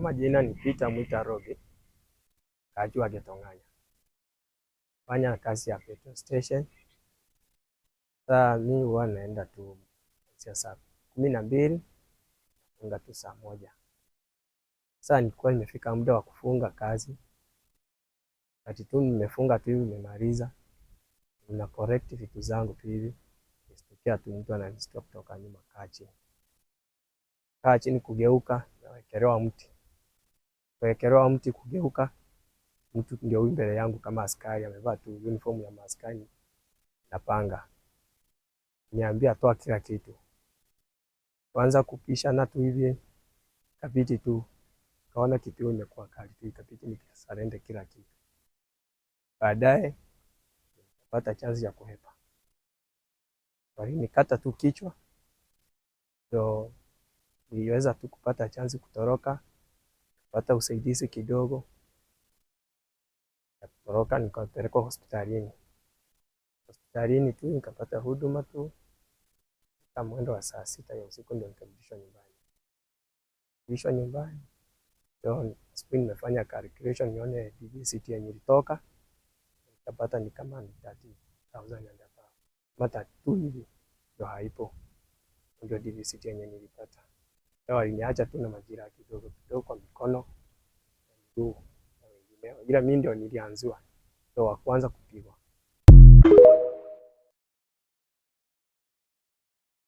majina ni Peter Mwita Robi, mkaaji wa Getong'anya, fanya kazi ya petrol station. Saa mimi huwa naenda tu kuanzia saa kumi na mbili nafunga tu saa moja. Sasa nilikuwa nimefika muda wa kufunga kazi, kati tu nimefunga tu hivi, nimemaliza na correct vitu zangu tu hivi, nisitokea tu mtu ananishtua kutoka nyuma, kaa chini, kaa chini kugeuka, nawekelewa mti Nimewekelewa mti kugeuka, mtu ndio huyu mbele yangu kama askari, amevaa tu uniform ya maskani na panga. Niambia toa kila kitu, kwanza kupisha na tu hivi kapiti tu, kaona kitu imekuwa kali tu, ikapiti nikasarende kila kitu. Baadaye pata chanzi ya kuhepa, nikata tu kichwa, ndio niweza tu kupata chanzi kutoroka pata usaidizi kidogo, nikatoroka nikapelekwa hospitalini. Hospitalini tu nikapata huduma tu, kama mwendo wa saa sita ya usiku ndio nikarudishwa nyumbani. Kurudishwa nyumbani ndio siku nimefanya calculation nione DBCT yenye ilitoka, nikapata ni kama ni 30,000 kama 32 hivi, ndio haipo, ndio DVCT yenye nilipata. Leo aliniacha tu na majira kidogo kidogo mikono na miguu na wengine, ila mimi ndio nilianzua ndio wa kwanza kupigwa.